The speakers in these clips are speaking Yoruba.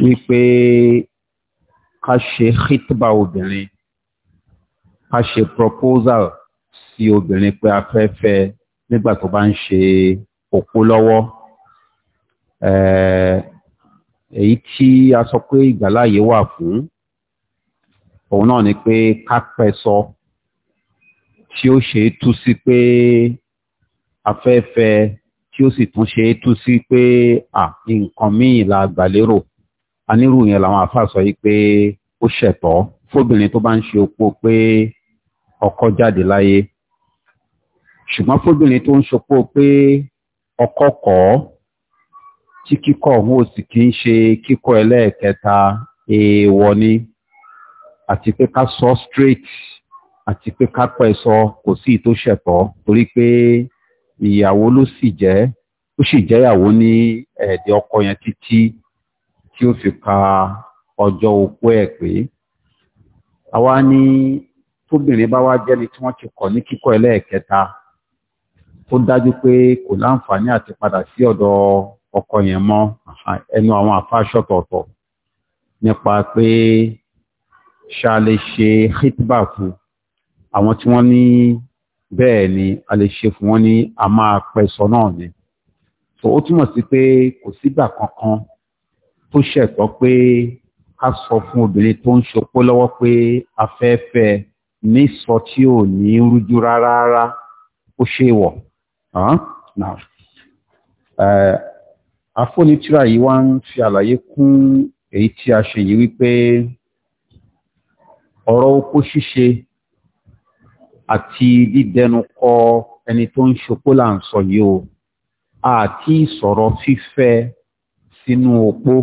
wípé ká ṣe hitba obìnrin ká ṣe proposal sí obìnrin pé a fẹ́ fẹ́ nígbà tó bá ń ṣe òpó lọ́wọ́ eh, èyí tí a sọ pé ìgbàláyé wà fún òun náà ni pé ká pẹ́ sọ tí ó ṣe é tú sí pé afẹ́fẹ́ tí ó sì tún ṣe é tú sí pé nǹkan míì la gbàlérò anírú yẹn làwọn àfáà sọ yìí pé ó ṣẹ̀tọ́ fóbìnrin tó bá ń ṣe opó pé ọkọ jáde láyé ṣùgbọ́n fóbìnrin tó ń ṣopó pé ọkọ kọ̀ tí kíkọ̀ òun ò sì kí ń ṣe kíkọ̀ ẹlẹ́ẹ̀kẹta èèwọ̀ ni àti pé ká sọ straight àti pé ká pẹ́ sọ kò sí ìtó ṣẹ̀tọ́ torí pé ìyàwó ló sì jẹ́ ó sì jẹ́yàwó ní ẹ̀ẹ́dẹ̀ ọkọ yẹn títí tí ó fi ka ọjọ́ opó ẹ̀ pé àwa ní tóbìnrin bá wá jẹ́ni tí wọ́n ti kọ̀ ní kíkọ́ ẹlẹ́ẹ̀kẹta ó dájú pé kò láǹfààní àti padà sí ọ̀dọ̀ ọkọ yẹn mọ́ ẹnu àwọn àfáàṣọ̀tọ̀ọ̀tọ̀ nípa pé ṣá lè ṣe hitba fún àwọn tí wọ́n ní bẹ́ẹ̀ ni a lè ṣe fún wọn ní a máa pẹ̀sọ náà ni so ó túmọ̀ sí pé kò sígbà kankan tó ṣẹ̀tọ́ pé ká sọ fún obìnrin tó ń ṣopó lọ́wọ́ pé afẹ́fẹ́ ní sọ tí ò ní rújú rárá rárá ó ṣe wọ̀ eh, afọ́nitúra yìí wá ń fi àlàyé kún èyí tí a ṣe yìí wípé ọ̀rọ̀ oko ṣíṣe àti dídẹnukọ ẹni tó ń ṣopó là ń sọ yìí o àti ìsọ̀rọ̀ fífẹ́ sínú opó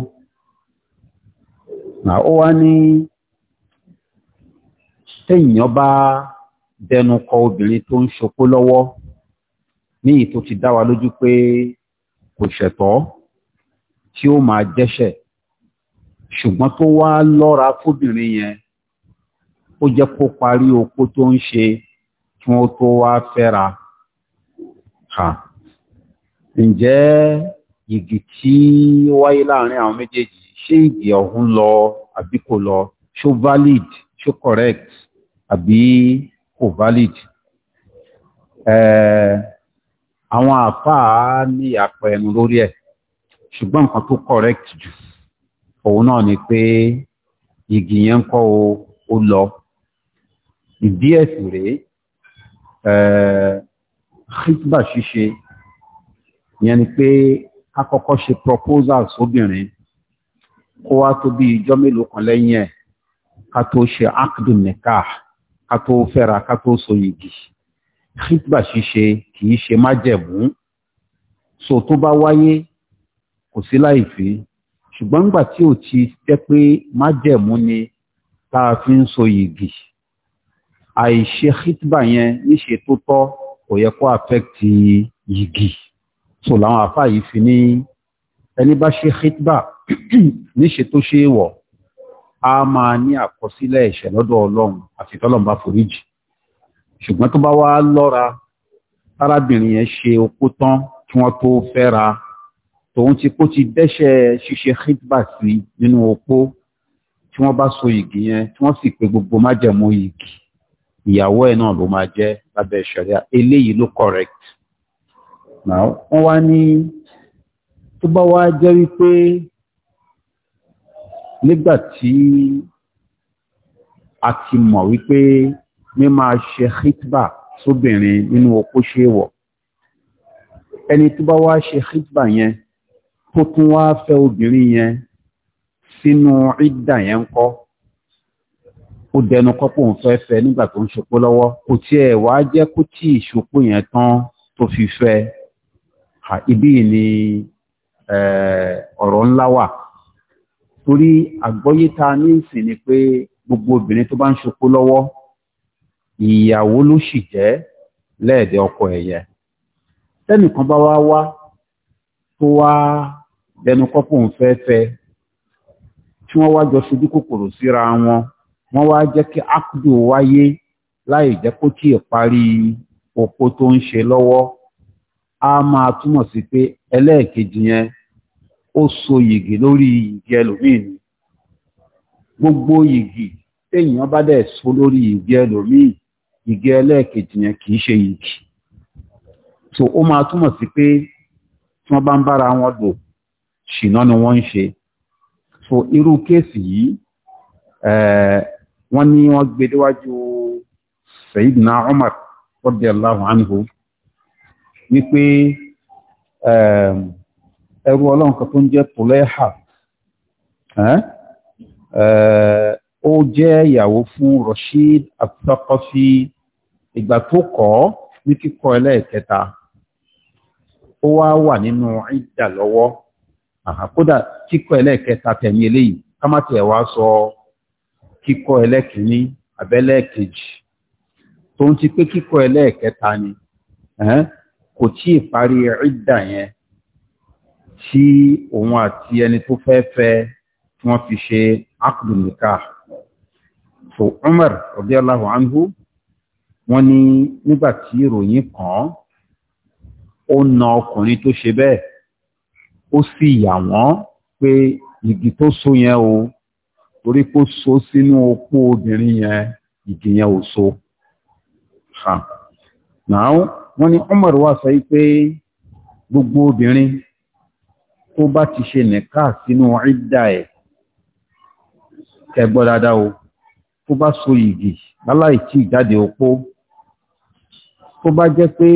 ó wá ní téèyàn bá dẹnu kọ obìnrin tó ń ṣopó lọ́wọ́ ní èyí ti dá wa lójú pé kò ṣẹ̀tọ́ tí ó máa jẹ́ṣẹ̀ ṣùgbọ́n tó wá lọ́ra fóbìnrin yẹn ó jẹ́ kó parí opó tó ń ṣe kí wọ́n tó wá fẹ́ra ha ǹjẹ́ yìgì tí ó wáyé láàrin àwọn méjèèjì ṣé ìdí ọ̀hún lọ àbí kò lọ ṣó valid ṣó correct àbí kò valid àwọn àfáà ní àpẹ ẹnu lórí ẹ̀ ṣùgbọ́n nǹkan tó correct jù òun náà ni pé igi yẹn ń kọ́ ó lọ ìdí ẹ̀sùn rèé khitba ṣíṣe yẹn ni pé ká kọ́kọ́ ṣe proposal sóbìnrin kó wá tó bí ìjọ́ mélòó kan lẹ́yìn ẹ̀ ká tó ṣe akdun nikah ká tó fẹ́ra ká tó so yìgì khitba ṣíṣe kì í ṣe májẹ̀mú so tó bá wáyé kò sí láì ṣùgbọ́n nígbà tí ò ti jẹ́ pé májẹ̀mú ni tá a fi ń so yìgì àìṣe khitba yẹn níṣe tó tọ́ kò yẹ kó affect yìgì so làwọn àfáà yìí fi ní ẹni bá ṣe khitba níṣe tó ṣe wọ̀ a máa ní àkọsílẹ̀ ẹ̀ṣẹ̀ lọ́dọ̀ ọlọ́run àti tọ́lọ́run bá foríjì ṣùgbọ́n tó bá wá lọ́ra arábìnrin yẹn ṣe okó tán kí wọ́n tó fẹ́ra tòun ti kó ti dẹ́ṣẹ̀ ṣíṣe khitba sí nínú opó tí wọ́n bá so igi yẹn tí wọ́n sì pé gbogbo májẹ̀mú igi ìyàwó ẹ̀ náà ló máa jẹ́ lábẹ́ ṣẹ̀ríà eléyìí ló correct now wọ́n wá ní tó bá wá jẹ́ wípé nígbà tí a ti mọ̀ wípé mímá ṣe hitba sóbìnrin nínú opó ṣe wọ̀ ẹni tó bá wá ṣe hitba yẹn tó tún wá fẹ́ obìnrin yẹn sínú ìdà yẹn ń kọ́ ó dẹnu kọ́pọ̀ ń fẹ́ fẹ́ nígbà tó ń ṣopó lọ́wọ́ kò tiẹ̀ wá jẹ́ kó tí ìṣopó yẹn tán tó fi fẹ́ ibi ni Eh, ọ̀rọ̀ ńlá wà torí àgbọ́yé ta ní ìsìn ni pé gbogbo obìnrin tó bá ń ṣokó lọ́wọ́ ìyàwó ló sì jẹ́ lẹ́ẹ̀dẹ̀ ọkọ ẹ̀yẹ tẹ́nìkan bá wá wá tó wá lẹ́nu kọ́pọ̀ ń tí wọ́n wá jọ ṣojú kòkòrò síra wọn wọ́n wá jẹ́ kí wáyé láì jẹ́ kó tí ì parí tó ń ṣe lọ́wọ́ ó so yìgì lórí yìgì ẹlòmíì ni gbogbo yìgì téèyàn bá dẹ̀ so lórí yìgì ẹlòmíì yìgì ẹlẹ́ẹ̀kejì yẹn kì ṣe yìgì so ó máa túmọ̀ sí pé tí wọ́n bá ń bára wọn lò ṣìnà ni wọ́n ń ṣe so irú kéèsì yìí eh, wọ́n ní wọ́n gbé déwájú wípé eh, ẹrú ọlọ́run kan tó ń jẹ́ tòlẹ́hà ó jẹ́ ìyàwó fún Rashid at ìgbà tó kọ́ ní kíkọ́ ẹlẹ́ẹ̀kẹta ó wá wà nínú ìdà lọ́wọ́ àkódà kíkọ́ ẹlẹ́ẹ̀kẹta tẹ̀mí eléyìí ká má sọ kíkọ́ ẹlẹ́kìíní abẹ́lẹ́ẹ̀kejì tó ń ti pé kíkọ́ ẹlẹ́ẹ̀kẹta ni kò tí ì parí tí òun àti ẹni tó fẹ́ fẹ́ tí wọ́n fi ṣe aqdun nikah so Umar radiyallahu anhu wọ́n ní nígbà tí ìròyìn kàn ó na ọkùnrin tó ṣe bẹ́ẹ̀ ó sì yà wọ́n pé igi tó so yẹn o torí kó so sínú opó obìnrin yẹn igi yẹn ò so ha náà wọ́n ní Umar wá sọ pé gbogbo obìnrin tó bá ti ṣe nìká sínú ìdá ẹ̀ ẹgbọ́ dáadáa o tó bá so yìgì láláì tí ìjáde opó tó bá jẹ́ pé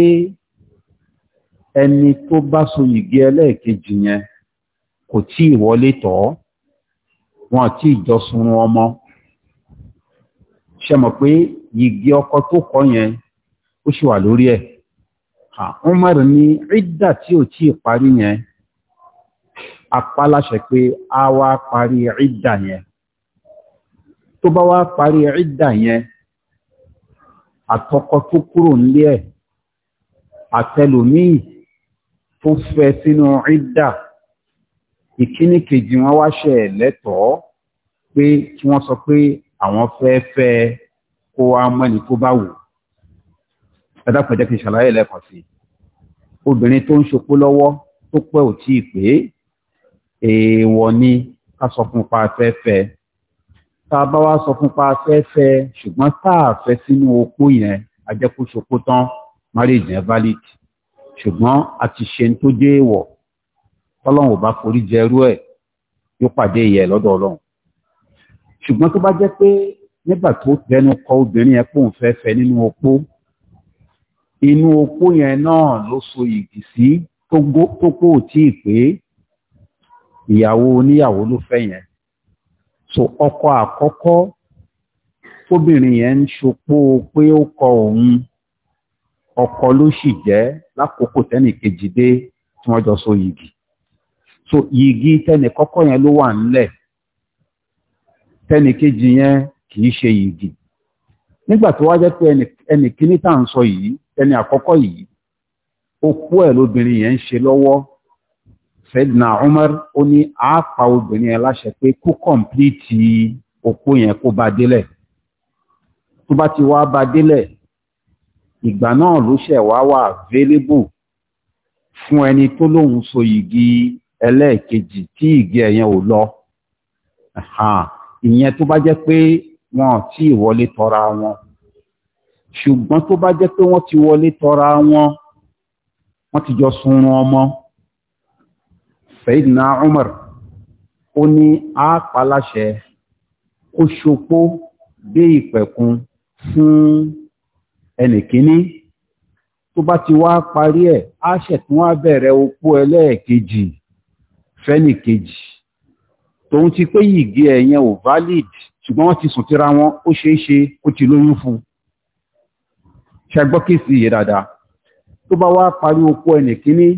ẹni tó bá so yìgì ẹlẹ́ẹ̀kejì yẹn kò tí ìwọlé tọ́ wọn tí ìjọsùn ọmọ ṣe mọ̀ pé yìgì ọkọ tó kọ yẹn ó ṣì wà lórí ẹ̀ Umar ní ìdá tí ò tí ì parí yẹn apáláṣẹ pé a wá parí ìdà yẹn tó bá wá parí ìdà yẹn àtọkọ tó kúrò nílé ẹ̀ àtẹlòmíì tó fẹ́ sínú ìdà ìkíní kejì wọn wá ṣe lẹ́tọ̀ọ́ pé kí wọ́n sọ pé àwọn fẹ́ fẹ́ kó wá mọ́ni tó bá wù ẹ̀dàpẹ̀jẹ́ kí ṣàlàyé lẹ́kọ̀ọ́ sí obìnrin tó ń ṣopó lọ́wọ́ tó pẹ́ ò tí ì pé èèwọ̀ ni ká sọ fún pa afẹ́fẹ́ tá a bá wá sọ fún pa afẹ́fẹ́ ṣùgbọ́n tá a fẹ́ sínú opó yẹn ajẹ́kúṣokó tán marriage yẹn valid ṣùgbọ́n a ti ṣe tó dé èèwọ̀ tọ́lọ́run ò bá forí jẹrú ẹ̀ yóò pàdé ìyẹ́ lọ́dọ̀ ọlọ́run ṣùgbọ́n tó bá jẹ́ pé nígbà tó tẹnu kọ obìnrin yẹn pòun fẹ́ fẹ́ nínú opó inú opó yẹn náà ló so ìgì sí tó kó ò tí ì pé ìyàwó oníyàwó ló fẹ́ yẹn so ọkọ àkọ́kọ́ tóbìnrin yẹn ń pé ó kọ òun ọkọ ló sì jẹ́ lákòókò tẹ́nì kejì dé tí wọ́n jọ so yìgì so yìgì tẹ́nì kọ́kọ́ yẹn ló wà yẹn kì í ṣe yìgì nígbà tó wá jẹ́ pé ẹnì kíní tá à ń sọ yìí yẹn ń ṣe Sayyidina Umar ó ní àápa obìnrin yẹn láṣẹ pé kó kọ̀m̀plìtì òpó yẹn kó bá délẹ̀ tó bá ti wá bá délẹ̀ ìgbà náà ló ṣẹ̀ wá wà available fún ẹni tó lóun so igi ẹlẹ́ẹ̀kejì tí igi ẹ̀yẹn ò lọ ìyẹn tó bá jẹ́ pé wọn ò tí ì wọlé tọra wọn ṣùgbọ́n tó bá jẹ́ pé wọ́n ti wọlé tọra wọn wọ́n ti jọ sunrun ọmọ Sayyidina Umar ó ní a paláṣẹ kó ṣopó dé ìpẹ̀kun fún ẹnìkíní tó bá ti wá parí ẹ̀ á ṣẹ̀tún wá bẹ̀rẹ̀ opó ẹlẹ́ẹ̀kejì fẹ́nìkejì tòun ti pé yìgì ẹ̀yẹn ò valid ṣùgbọ́n wọ́n ti sùn tíra wọn ó ṣeé ṣe ó ti lóyún fún ṣẹgbọ́kìsì yìí dáadáa tó bá wá parí opó ẹnìkíní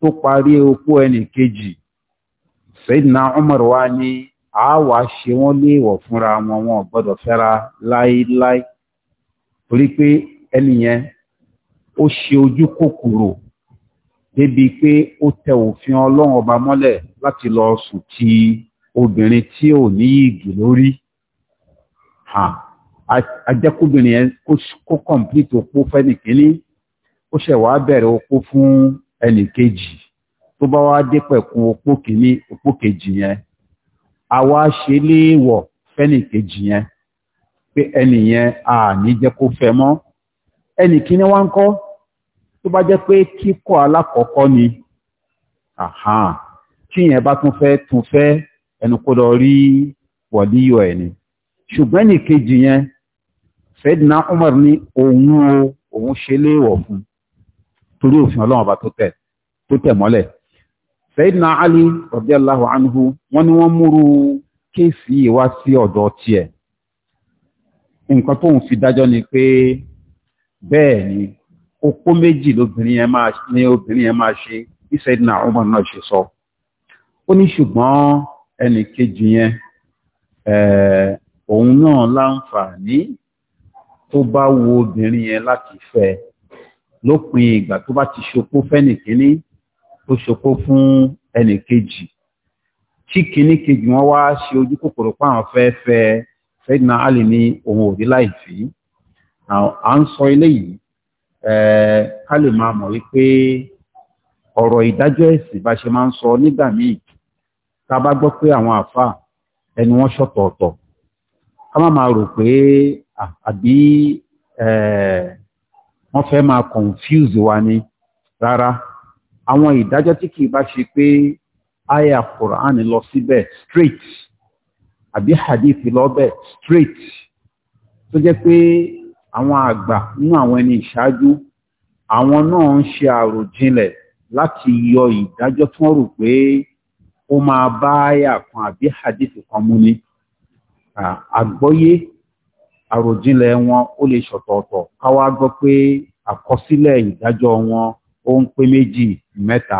tó parí opó ẹnì kejì Sayyidina Umar wá ní àáwá ṣe wọ́n léèwọ̀ fúnra wọn wọn gbọ́dọ̀ fẹ́ra láíláí torí pé ẹni yẹn ó ṣe ojú kòkòrò débi pé ó tẹ òfin ọlọ́run ọba mọ́lẹ̀ láti lọ sùn ti obìnrin tí ò ní lórí yẹn kó ó ṣẹ̀ wá ẹnì kejì tó bá wá dé pẹ̀kun opó kìíní opó kejì yẹn àwa ṣe léèwọ̀ fẹ́nì kejì yẹn pé ẹnì yẹn a ní jẹ́ kó fẹ́ mọ́ ẹnì kíní wá ń kọ́ tó bá jẹ́ pé kíkọ́ alákọ̀ọ́kọ́ ni tí yẹn bá tún fẹ́ tún fẹ́ ẹnu kó lọ rí wọ̀líyọ ẹ̀ ni ṣùgbọ́n ẹnì kejì yẹn fẹ́dínà Umar ní òun o òun ṣe léèwọ̀ fún un torí òfin ọlọ́run ọba tó tẹ̀ tó tẹ̀ mọ́lẹ̀ Sayyidina anhu wọ́n ni wọ́n múrú kéèsì yìí wá sí ọ̀dọ̀ tiẹ̀ nǹkan fi ni pé bẹ́ẹ̀ ni okó méjì lóbìnrin yẹn máa ní obìnrin yẹn máa ṣe bí lópin ìgbà tó bá ti ṣokó fẹ́nì kíní ó ṣokó fún ẹnì kejì tí kíní kejì wọn wá ṣe ojú kòkòrò páwọn fẹ́ẹ́fẹ́ fẹ́dínà alì ní ohun òrí láìfí à ń sọ eléyìí ká lè máa mọ̀ wípé ọ̀rọ̀ ìdájọ́ ẹ̀sìn bá ṣe máa ń sọ nígbà míì tá bá gbọ́ pé àwọn àfáà ẹnu wọn ṣọ̀tọ̀ọ̀tọ̀ ká má máa rò pé àbí ẹ̀ẹ́ wọ́n fẹ́ máa confuse wa ni rárá àwọn ìdájọ́ tí kìí bá ṣe pé aya Quran lọ síbẹ̀ straight àbí hadith lọ́bẹ̀ straight tó jẹ́ pé àwọn àgbà nínú àwọn ẹni ìṣáájú àwọn náà ń ṣe àròjinlẹ̀ láti yọ ìdájọ́ tí wọ́n rò pé ó máa bá aya kan àbí hadith kan mú ni àgbọ́yé àròjinlẹ̀ wọn ó lè ṣọ̀tọ̀ọ̀tọ̀ ká wá gbọ́ pé àkọsílẹ̀ ìdájọ́ wọn ó ń pé méjì mẹ́ta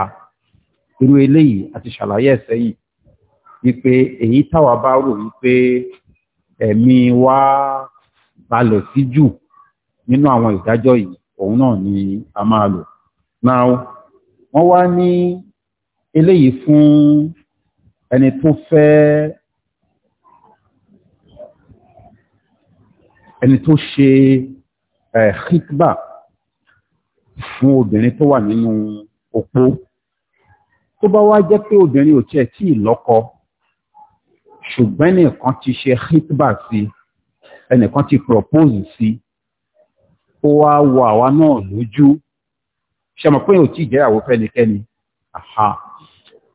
irú eléyìí àti ṣàlàyé ẹ̀ sẹ́yìn wípé èyí táwa bá rò wípé ẹ̀mí wa balẹ̀ sí jù nínú àwọn ìdájọ́ yìí òun náà ni a máa lò náà wọ́n wá ní eléyìí fún ẹni tó fẹ́ ẹni tó ṣe hikba fún obìnrin tó wà nínú opó tó bá wá jẹ́ pé obìnrin ò tiẹ̀ tí ì lọ́kọ ṣùgbọ́n ẹnìkan ti ṣe hikba sí ẹnìkan ti propose sí ó wá wọ àwa náà lójú ṣe mọ̀ pé ò tí ìjẹ́yàwó fẹ́nikẹ́ni àhà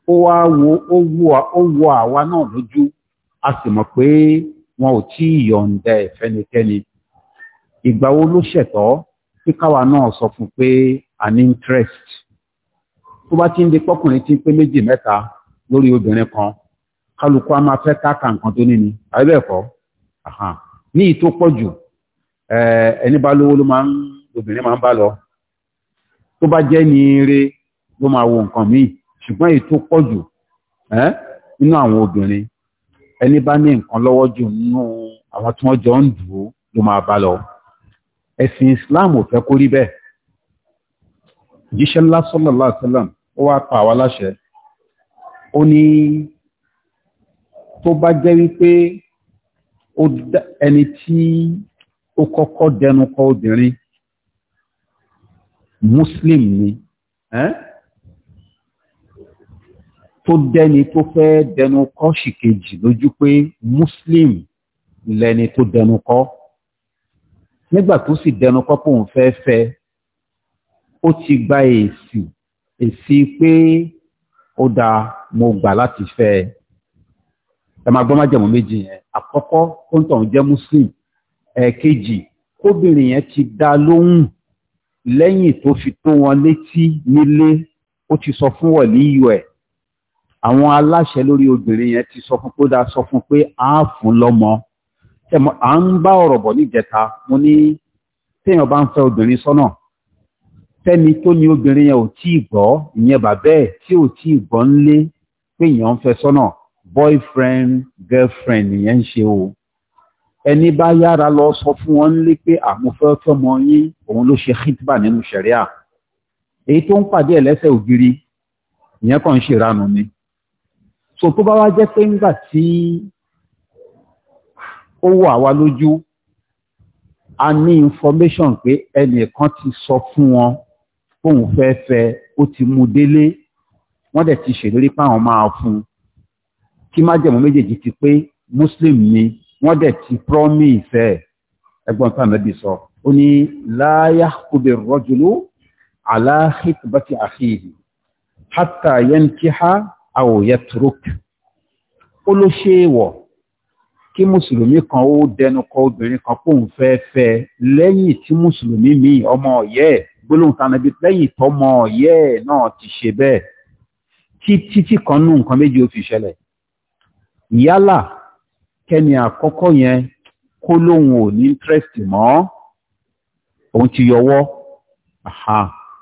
ó wá wo ó wọ àwa náà lójú a sì mọ̀ pé wọn ò tí ì yọ̀ǹda ẹ̀ fẹ́nikẹ́ni ìgbà wo ló ṣẹ̀tọ́ kí káwa náà sọ fún pé an interest tó bá ti ń di pọ́kùnrin tí ń pé méjì mẹ́ta lórí obìnrin kan kálukú a máa fẹ́ káàkà nǹkan tó ní ni àbẹ́ẹ̀kọ́ ní ìtó pọ̀ jù ẹni bá lówó ló máa ń obìnrin máa ń bá lọ tó bá jẹ́ ní eré ló máa wo nǹkan míì ṣùgbọ́n èyí tó pọ̀ jù nínú àwọn obìnrin ẹni bá ní nǹkan lọ́wọ́ jù nínú àwọn tí wọ́n jọ ń dùn ó ló máa bá lọ ẹ̀sìn Islam ò fẹ́ kó rí bẹ́ẹ̀ jíṣẹ́ ńlá sallallahu alaihi wasallam ó wá pa àwa láṣẹ ó ní tó bá jẹ́ wípé ẹni tí ó kọ́kọ́ dẹnu kọ obìnrin muslim ni eh? tó dẹni tó fẹ́ dẹnu kọ́ ṣìkejì lójú pé muslim lẹni tó dẹnu kọ́ nígbà tó sì dẹnu kọ́ pòun fẹ́ fẹ́ ó ti gba èsì èsì pé ó dáa mo gbà láti fẹ́ ẹ ẹ máa gbọ́ májẹ̀mú méjì yẹn àkọ́kọ́ tó ń tàn jẹ́ muslim ẹ̀ẹ̀kejì kóbìnrin yẹn ti dá lóhùn lẹ́yìn tó fi tó wọn létí nílé ó ti sọ fún wọ̀líyù ẹ̀ àwọn aláṣẹ lórí obìnrin yẹn ti sọ fún pé dáa sọ fún pé a fún lọ́mọ tẹmọ à ń bá ọ̀rọ̀ bọ̀ níjẹta mo ní téèyàn bá ń fẹ́ obìnrin sọ́nà fẹ́ni tó ní obìnrin yẹn ò tí ì gbọ́ ìyẹn bàbá ẹ̀ tí ò tí ì gbọ́ ń pé èèyàn ń fẹ́ sọ́nà boyfriend girlfriend nìyẹn ń ṣe o ẹni bá yára lọ sọ fún wọn lé pé àmúfẹ́ fẹ́mọ yín òun ló ṣe hitba nínú ṣẹ̀ríà èyí tó ń pàdé ẹ̀ lẹ́sẹ̀ ògiri ìyẹn kàn ń ṣèranù ni so tó bá wá jẹ́ pé ńgbà tí ó wà wá lójú a ní information pé ẹnìkan ti sọ fún wọn fóun fẹ́ fẹ́ ó ti mú délé wọ́n dẹ̀ ti ṣèlérí páwọn máa fún kí májẹ̀mú méjèèjì ti pé muslim ni wọ́n dẹ̀ ti promise ẹ̀ ẹgbọ́n tí àmẹ́bí sọ ó ní láyá kúbẹ̀ rọ́jùlú aláhìtìbátì àfihì hátà yẹn kí ha aw yatruk ó ló ṣe é wọ̀ kí mùsùlùmí kan ó dẹnu kọ obìnrin kan kóun fẹ́ fẹ́ lẹ́yìn tí mùsùlùmí míì ọmọ ọ̀yẹ́ ẹ̀ gbólóhùn tánàbí lẹ́yìn tọmọ ọ̀yẹ́ ẹ̀ náà ti ṣe bẹ́ẹ̀ títí tí kan nú nǹkan méjì ó fi ṣẹlẹ̀ yálà kẹ́ni àkọ́kọ́ yẹn kó lóhun ò ní interest mọ́ òun ti yọwọ́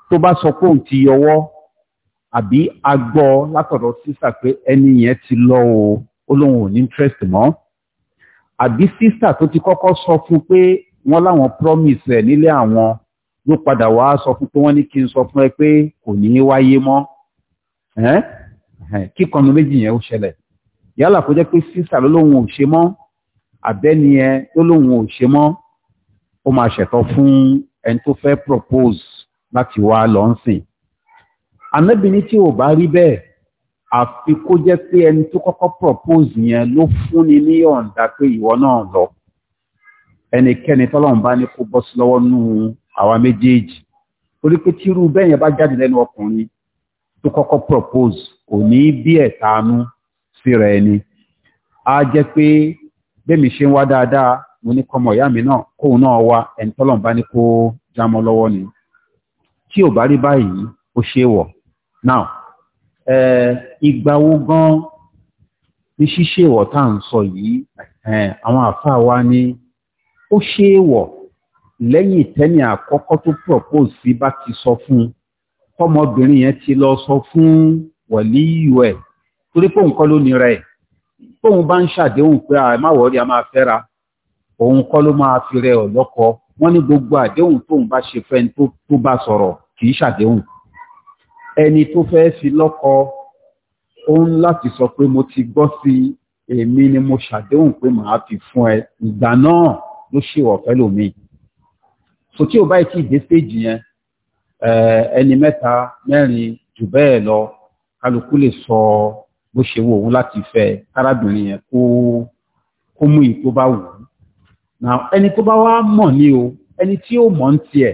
tó bá sọ pé òun ti yọwọ́ àbí agbọ́ látọ̀dọ̀ sísà pé ẹni yẹn ti lọ o ó lóun ò ní interest mọ́ àbí sísà tó ti kọ́kọ́ sọ fún pé wọ́n láwọn promise ẹ̀ nílé àwọn ló padà wá sọ fún pé wọ́n ní kí n sọ fún ẹ pé kò ní í wáyé mọ́ kíkànnù méjì yẹn ó ṣẹlẹ̀ yálà kó jẹ́ pé sísà ló lóun ò ṣe mọ́ àbẹ́ni ẹ ló lóun ò ṣe mọ́ ó máa ṣẹ̀tọ́ fún ẹni tó fẹ́ propose láti wá lọ́nsìn ànábì ní tí ò bá rí bẹ́ẹ̀ àfi jẹ́ pé ẹni tó kọ́kọ́ propose yẹn ló fúnni ní ọ̀ǹda pé ìwọ náà lọ ẹnikẹ́ni tọ́lọ́run bá ní kó bọ́ sí lọ́wọ́ nú àwa méjèèjì torí pé tírú bẹ́yẹn bá jáde lẹ́nu ọkùnrin tó kọ́kọ́ propose kò ní bí ẹ̀tanú síra ẹni á jẹ́ pé bẹ́mi ṣe ń wá dáadáa mo ní kọ́mọ ìyá mi náà kóun náà wá ẹni tọ́lọ́run bá ní kó jámọ́ lọ́wọ́ ni tí ò bá rí báyìí ó ṣe é wọ̀ now ìgbà wo gan ni ṣíṣe ìwọ̀ tá à ń sọ yìí àwọn àfáà wa ni ó ṣe é lẹ́yìn ìtẹ́ni àkọ́kọ́ tó propose sí bá ti sọ fún un kọ́mọbìnrin yẹn ti lọ sọ fún wọ̀líyù ẹ̀ torí pé òun kọ́ ló nira ẹ̀ tóun bá ń ṣàdéhùn pé a má wọ̀rí a máa fẹ́ra òun kọ́ ló máa fi rẹ ọ̀ lọ́kọ wọ́n ní gbogbo àdéhùn tóun bá ṣe fẹ́ni tó bá sọ̀rọ̀ kì í ṣàdéhùn ẹni tó fẹ́ fi lọ́kọ òun láti sọ pé mo ti gbọ́ sí èmi ni mo ṣàdéhùn pé màá fi fún ẹ ìgbà náà ló ṣèwọ̀ fẹ́lòmíì so tí o bá ti dé stage yẹn ẹni mẹ́ta mẹ́rin jù bẹ́ẹ̀ lọ kálukú lè sọ bó ṣe wò òun láti fẹ́ arábìnrin yẹn kó kó mú yìí tó bá wù ú ẹni tó bá wá mọ̀ ní o ẹni tí ó mọ̀ ń tiẹ̀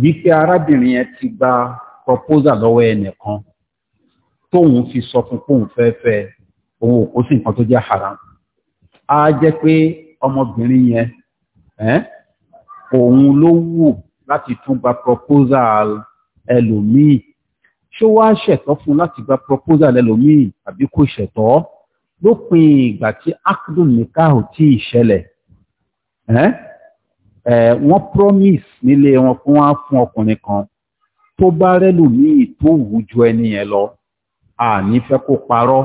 wípé arábìnrin yẹn ti gba proposal lọ́wọ́ ẹnìkan tóun fi sọ fún pòun fẹ́ẹ́fẹ́ òun ò kó sí nǹkan tó jẹ́ haram á jẹ́ pé ọmọbìnrin yẹn òun ló wù láti tún gba proposal ẹlòmíì ṣó wá ṣẹ̀tọ́ fún láti gba proposal ẹlòmíì àbí kò ṣẹ̀tọ́ lópin ìgbà tí akdun nikah ò tí ì ṣẹlẹ̀ wọ́n promise nílé wọn fún wọn fún ọkùnrin kan tó bá rẹ́lù míì tó wù ju ẹni yẹn lọ a ní fẹ́ kó parọ́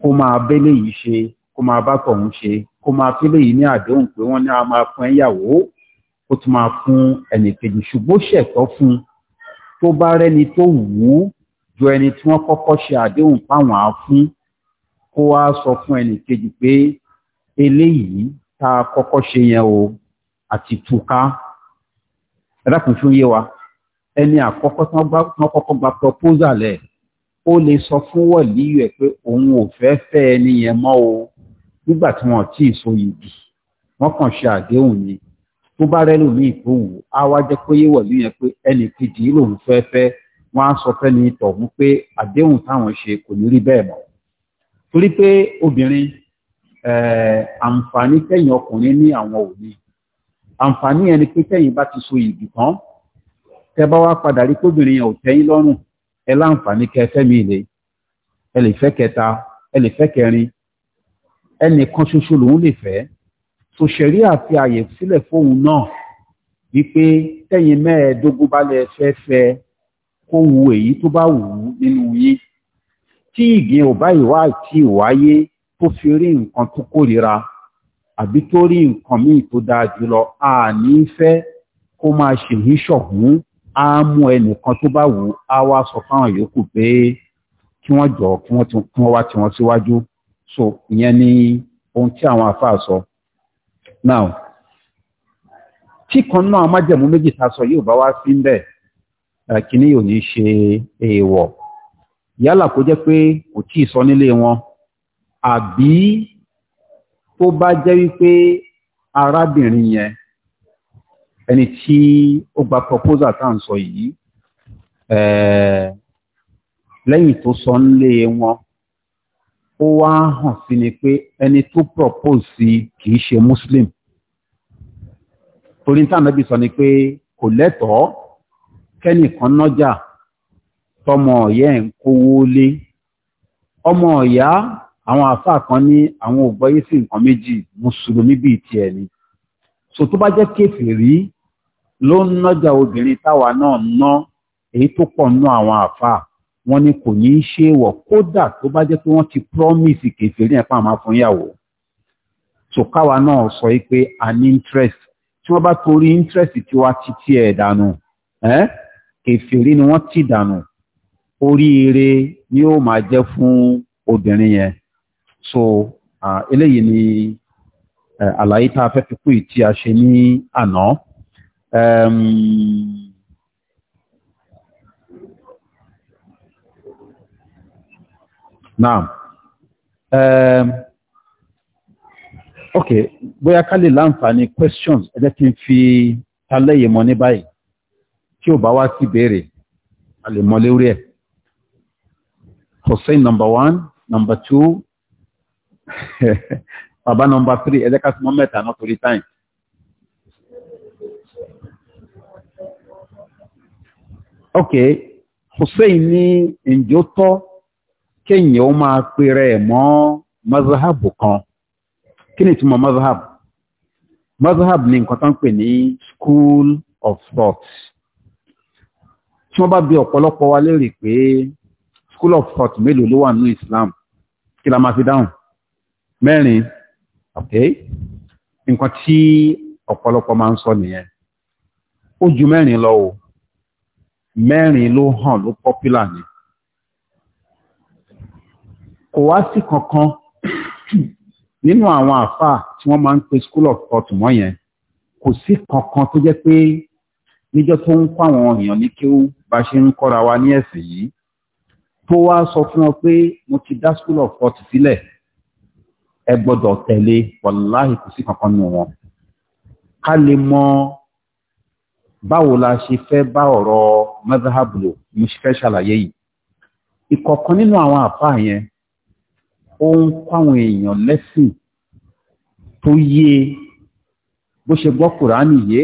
kó máa bẹ́lẹ̀ yìí ṣe kó máa bá tọ̀hún ṣe kó máa fílẹ̀ yìí ní àdéhùn pé wọ́n ní a máa fún ẹ̀yàwó ó tún máa fún ẹnì kejì ṣùgbọ́n ṣẹ̀tọ́ fún tó bá rẹ́ni tó wù ú ju ẹni tí wọ́n kọ́kọ́ ṣe àdéhùn páwọn á fún kó wá sọ fún ẹnì kejì pé eléyìí tá a kọ́kọ́ ṣe yẹn o àti túká ẹ dákun fún yé wa ẹni àkọ́kọ́ tí wọ́n kọ́kọ́ gba proposal ẹ̀ ó lè sọ fún wọ̀líyù ẹ̀ pé òun ò fẹ́ fẹ́ ẹni yẹn mọ́ o nígbà tí wọ́n tí ì so yìí wọ́n kàn ṣe àdéhùn ni tó bá rẹ́lù ní ìgbóhùn á wá jẹ́ pé wọ̀lú yẹn pé ẹnì kejì lòun fẹ́ fẹ́ wọ́n á sọ fẹ́ni tọ̀hún pé àdéhùn táwọn ṣe kò ní rí bẹ́ẹ̀ mọ́ torí pé obìnrin àǹfààní kẹ́yìn ọkùnrin ní àwọn òní àǹfààní ẹni pé kẹ́yìn bá ti so yìí tán tẹ bá wá padà rí kóbìnrin yẹn ò tẹ́yìn lọ́rùn ẹ láǹfààní kẹfẹ́ mi lè ẹ lè fẹ́ kẹta ẹ lè fẹ́ kẹrin ẹnìkan ṣoṣo lòun lè fẹ́ tó ṣẹ̀rí àti àyè sílẹ̀ fóun náà wípé tẹ́yìn mẹ́ẹ̀ẹ́dógún bá lẹ fẹ́ fẹ́ kó wu èyí tó bá wù ú nínú yín tí ìgbín ò bá ìwá àti ìwáyé tó fi rí nǹkan tó kórira àbí tó rí nǹkan míì tó dáa jùlọ a fẹ́ kó máa ṣèyí ṣọ̀hún á mú ẹnìkan tó bá wù á wá sọ fáwọn yòókù pé kí wọ́n jọ kí wọ́n wá tiwọn síwájú so ìyẹn ni ohun tí àwọn àfáà sọ now tí kan náà májẹ̀mú méjì ta sọ yóò bá wá sí ń bẹ̀ kíní ò ní ṣe èèwọ̀ yálà kó jẹ́ pé kò tí ì sọ nílé wọn àbí tó bá jẹ́ wípé arábìnrin yẹn ẹni tí ó gba proposal tá à ń sọ yìí eh, lẹ́yìn tó sọ ń lé wọn ó wá hàn sí ni pé ẹni tó propose sí kì í ṣe muslim torí tá ànábì sọ ni pé kò lẹ́tọ̀ọ́ kẹ́nìkan nájà tọmọ ọ̀yẹ́ ń kówó lé ọmọ ọ̀yá àwọn àfá kan ní àwọn ògbọ́yé sí nǹkan méjì mùsùlùmí bíi tiẹ̀ ni so tó bá jẹ́ kéfèrí ló ń nájà obìnrin táwa náà ná èyí tó pọ̀ nú àwọn àfà wọn ni kò ní í ṣe wọ̀ kódà tó bá jẹ́ pé wọ́n ti promise kèfèrí ẹ̀pá àmà fún ìyàwó so káwa náà sọ pé a ní interest tí wọ́n bá torí interest tí wá títí ẹ̀ dànù kèfèrí ni wọ́n ti dànù oríire ni ó máa jẹ́ fún obìnrin yẹn so eléyìí ni àlàyé tá a fẹ́ fi kú ìtí a ṣe ní àná. Um, now, um, okay, bóyá ká lè láǹfààní questions ẹ̀dẹ́ tí ń fi talẹ́yè mọ́ ní báyìí kí ò bá wá sí béèrè a lè mọ́ lórí ẹ̀. Hussein number one, number two, baba number three, ẹ̀dẹ́ ká sí mọ́ mẹ́ta náà torí time. ok hussein ní ǹjọ́ tọ́ kéèyàn ó máa pèrè ẹ̀ mọ́ mazahabu kan kí ni ìtumọ̀ mazahab mazahab ni nǹkan tó school of thought tí wọ́n bá bi ọ̀pọ̀lọpọ̀ wa pé school of thought mélòó ló wà nínú islam kí la máa ok nǹkan tí ọ̀pọ̀lọpọ̀ máa ń sọ nìyẹn lọ o mẹ́rin ló hàn ló pọ́pílà ni kò wá sí kankan nínú àwọn àfáà tí wọ́n máa ń pe school of thought mọ́ yẹn kò sí kankan tó jẹ́ pé níjọ́ tó ń kọ́ àwọn èèyàn ní kí ó bá ṣe ń kọ́ra wa ní ẹ̀sìn yìí tó wá sọ fún ọ pé mo ti dá school of thought sílẹ̀ ẹ gbọ́dọ̀ tẹ̀lé wàláhì kò sí kankan nù wọn ká lè mọ báwo la ṣe fẹ́ bá ọ̀rọ̀ mazhab lò mo ṣe fẹ́ ṣàlàyé yìí ìkọ̀kan nínú àwọn àfáà yẹn ó ń kọ́ àwọn èèyàn lẹ́sìn tó yé bó ṣe gbọ́ kùránì yé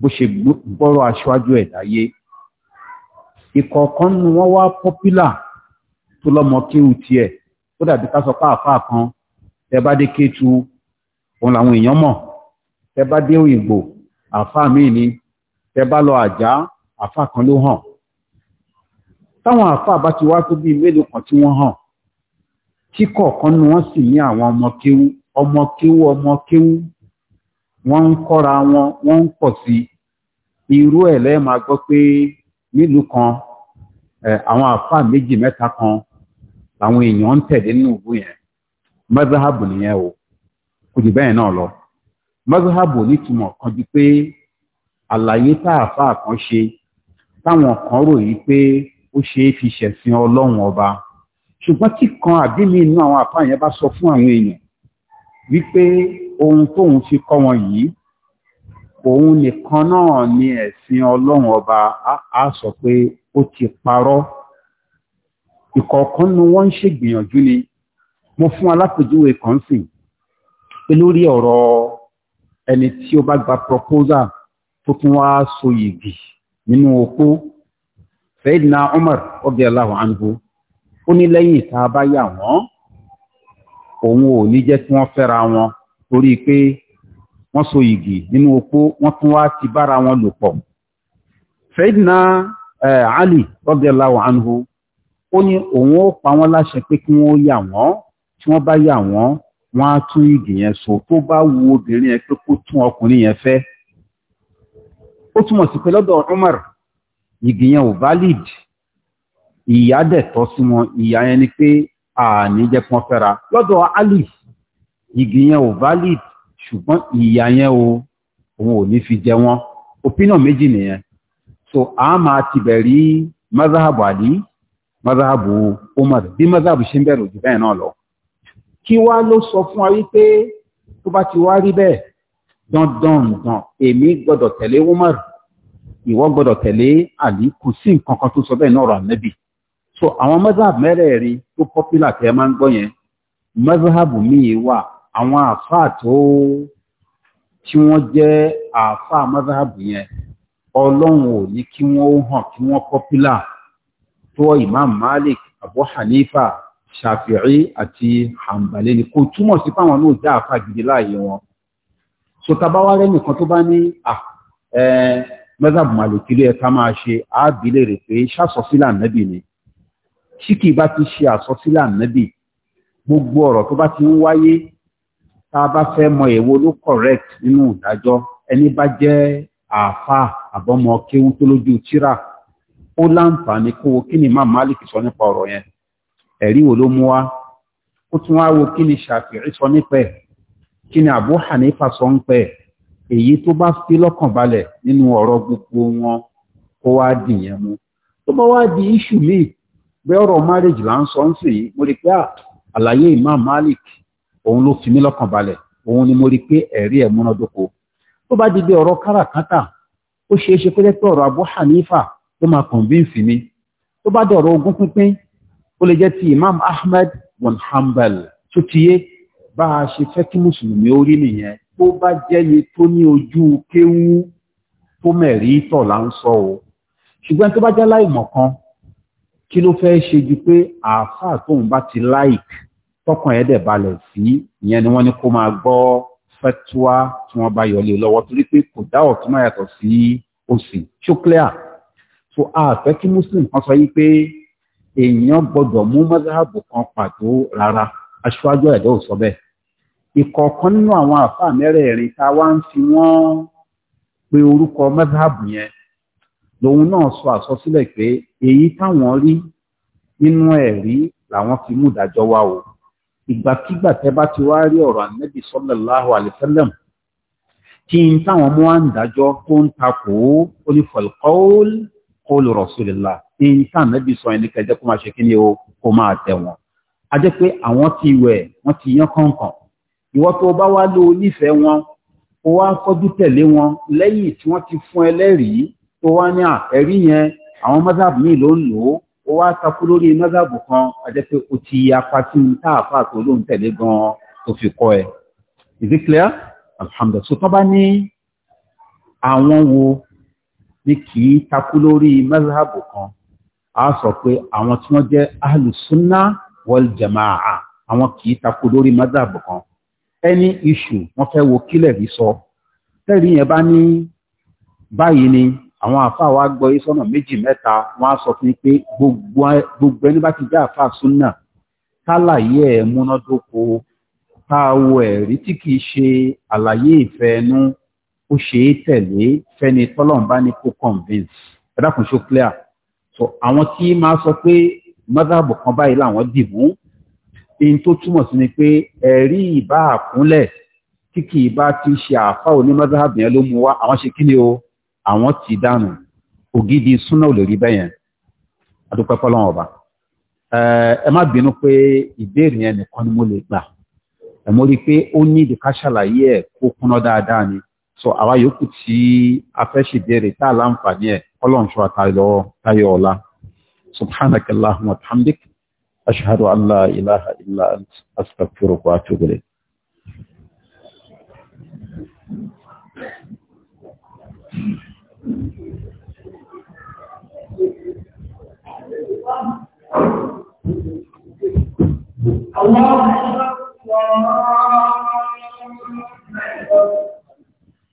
bó ṣe gbọ́rọ̀ aṣáájú ẹ̀dá yé ìkọ̀ọ̀kan nínú wọn wá pọ́pílà tó lọ́mọ kéwù tiẹ̀ ó dàbí ká sọ pé àfáà kan tẹ bá dé kétu òun làwọn èèyàn mọ̀ tẹ bá dé òyìnbó àfáà míì ni tẹ́ bá lọ àjá àfà kan ló hàn táwọn àfà bá ti wá tó bíi mélòó kan tí wọ́n hàn kí kọ̀ọ̀kan ni wọ́n sì ní àwọn ọmọkéwú ọmọkéwú ọmọkéwú kéwú wọ́n ń kọ́ra wọn wọ́n ń pọ̀ sí irú ẹ̀ lẹ́ẹ̀ máa gbọ́ pé nílùú kan àwọn àfà méjì mẹ́ta kan làwọn èèyàn ń tẹ̀lé nínú ìlú yẹn mọ́sáhábù nìyẹn o kò jù bẹ́ẹ̀ náà lọ mọ́sáhábù nítumọ̀ kan ju pé àlàyé tààfà kan ṣe táwọn kan rò yí pé ó ṣe é fi ṣẹ̀sìn ọlọ́run ọba ṣùgbọ́n tí kan àbí mi inú àwọn àpá yẹn bá sọ fún àwọn èèyàn wípé ohun tóun fi kọ́ wọn yìí òun nìkan náà ni ẹ̀sìn ọlọ́run ọba á sọ pé ó ti parọ́ ìkọ̀ọ̀kan ni wọ́n ń ṣègbìyànjú ni mo fún alápèjúwe kan sìn pé lórí ọ̀rọ̀ ẹni tí ó bá gba proposal tó tún wá so yìgì nínú opó Sayyidina Umar radiyallahu anhu ó ní lẹ́yìn bá yà wọ́n òun ò ní jẹ́ wọ́n fẹ́ra wọn so yìgì nínú wọ́n tún wá ti bára wọn lò pọ̀ Ali ó ní òun ó pa láṣẹ pé kí wọ́n yà wọ́n tí wọ́n bá so tó bá wu obìnrin yẹn pé kó tún ọkùnrin ó túmọ̀ sí pé lọ́dọ̀ Umar igi ò valid ìyá dẹ̀ tọ́ sí wọn ìyá yẹn ni pé àní jẹ́ pọ́n fẹ́ra lọ́dọ̀ Ali igi ò valid ṣùgbọ́n ìyá yẹn o òun ò ní fi jẹ wọn opinion méjì nìyẹn so a máa ti bẹ̀rí mazhabu Ali mazhabu Umar bí mazhabu ṣe ń bẹ̀rù jù bẹ́ẹ̀ náà lọ kí wá ló sọ fún wa wípé tó bá ti wá rí bẹ́ẹ̀ dandan nìkan èmi gbọ́dọ̀ tẹ̀lé Umar ìwọ gbọ́dọ̀ tẹ̀lé Ali kò sí nǹkan kan tó sọ bẹ́ẹ̀ náà rà nẹ́bì so àwọn mazhab mẹ́rẹ̀ẹ̀rin tó popular tẹ́ máa ń gbọ́ yẹn mazhab míì wà àwọn àfáà tó tí wọ́n jẹ́ àfáà mazhab yẹn ọlọ́run ò ní kí wọ́n ó hàn kí wọ́n popular tó Imam Malik Abu Hanifa Shafi'i àti Hanbali ni kò túmọ̀ sí fáwọn náà jẹ́ àfáà gidi láàyè wọn so tabawa rẹ nìkan tó bá ní à ẹ mẹsàbù màlìkì ló yẹ ká máa ṣe àábílẹ rẹ pé ṣàsọsílà nẹbì ni tí kì bá ti ṣe àsọsílà nẹbì gbogbo ọ̀rọ̀ tó bá ti ń wáyé tá bá fẹ́ mọ èwo ló correct nínú ìdájọ́ ẹni bá jẹ́ àáfàá àbọmọ kéwú tó lójú tíra ó láǹfààní kó wo kí ni má màlìkì sọ nípa ọ̀rọ̀ yẹn ẹ̀rí wo ló mú wá ó tún wá wo kí ni ṣàfihàn sọ nípa ẹ̀ kí ni Abu Hanifa sọ ń pẹ́ èyí tó bá fi lọ́kàn balẹ̀ nínú ọ̀rọ̀ gbogbo wọn kó wá dì yẹn mú tó bá wá di iṣu míì bẹ́ẹ̀ ọ̀rọ̀ marriage là ń sọ ń sìn yìí mo rí pé àlàyé Imam Malik òun ló fi mí lọ́kàn balẹ̀ òun ni mo rí pé ẹ̀rí ẹ̀ múnádóko tó bá di bí káràkátà ó ṣeé ṣe pé lẹ́pẹ́ ọ̀rọ̀ Hanifa tó máa convince mi tó bá dọ̀rọ̀ ogún pínpín ó lè jẹ́ ti Imam Ahmed bin Hanbal tó ti yé bá a ṣe fẹ́ kí mùsùlùmí ó rí nìyẹn tó bá jẹ́ni tó ní ojú kéwú tó mẹ̀rí tọ̀ là ń sọ o ṣùgbọ́n tó bá jẹ́ láìmọ̀ kan kí ló fẹ́ ṣe ju pé àáfàá tóun bá ti láìkì tọkàn ẹ̀ dẹ̀ balẹ̀ sí ìyẹn ni wọ́n ní kó máa gbọ́ fẹ́túwá tí wọ́n bá yọlé lọ́wọ́ torí pé kò dá ọ̀tún máa yàtọ̀ sí òsì ṣókíà so àfẹ́ kí muslim kan sọ yí pé èèyàn gbọ́dọ̀ mú mọ́sáàbù kan pàtó rárá aṣáájú ẹ̀dọ́ ò sọ bẹ́ẹ̀ ìkọ̀ọ̀kan nínú àwọn àfáà mẹ́rẹ̀ẹ̀rin ta wá ń fi wọ́n pe orúkọ mẹ́sàbù yẹn lòun náà sọ àsọsílẹ̀ pé èyí táwọn rí nínú ẹ̀rí làwọn fi mú ìdájọ́ wá o ìgbàkígbà tẹ bá ti wá rí ọ̀rọ̀ ànẹ́bì sallallahu alaihi wasallam kí n táwọn mú wá ń dájọ́ tó ń takò ó ó ní fọlkọ́ọ́l qawlu rasulillah kí n tá ànẹ́bì sọ ẹni kẹjẹ kó máa ṣe kí ni o kó máa tẹ̀ wọ́n a jẹ́ pé àwọn ti wẹ̀ wọ́n ti yán kọ̀ọ̀kan ìwọ tó bá wá ló nífẹ̀ẹ́ wọn ó wá ń kọ́jú tẹ̀lé wọn lẹ́yìn tí wọ́n ti fún ẹlẹ́rìí tó wá ní àẹ̀rí yẹn àwọn mọ́sáàbù míì ló ń lò ó ó wá takú lórí mọ́sáàbù kan àjẹpẹ́ o ti apá tí ń tá àpá tó tẹ̀lé gan-an tó fi kọ́ ẹ. is clear? alhamdulilayi so bá ní àwọn wo ni kì í takú lórí mọ́sáàbù kan a sọ pé àwọn tí wọ́n jẹ́ ahlùsúnná wal jama'a àwọn kì í takú lórí mọ́sáàbù kan any issue wọ́n fẹ́ wo kílẹ̀ rí sọ tẹ́rí yẹn bá ní báyìí ni àwọn àfáà wa gbọ́ yí sọ́nà méjì mẹ́ta wọ́n á sọ fún pé gbogbo ẹni bá ti jẹ́ àfáà súnà tálàyé ẹ̀ múnádóko tá a wo ẹ̀rí tí kìí ṣe àlàyé ìfẹ́ ẹnu ó ṣe é tẹ̀lé fẹ́ni tọ́lọ́mbá ní kó convince ẹ̀dá kan ṣó clear so àwọn tí máa sọ pé mọ́dàbọ̀ kan báyìí làwọn dìbò in tó túmọ̀ sí ni pé ẹ̀rí ìbá àkúnlẹ̀ tí kì í bá ti ṣe àfá onímọ́sáàbì yẹn ló mú wá àwọn ṣe kíni o àwọn ti dànù ògidì súnà ò lè rí bẹ́yẹn adúpẹ́ fọlọ́wọ́n ọba ẹ má bínú pé ìbéèrè yẹn nìkan ni mo lè gbà ẹ mo rí i pé ó ní ìdíkà ṣàlàyé ẹ kó kúnná dáadáa ni so àwa yòókù tí a fẹ́ ṣe béèrè tá a láǹfààní ẹ kọ́lọ́ọ̀ṣọ́ àtayọ̀ ọ̀la subhanakallahumma wa bihamdik. أشهد أن لا إله إلا أنت أستغفرك وأتوب إليك الله أكبر الله أكبر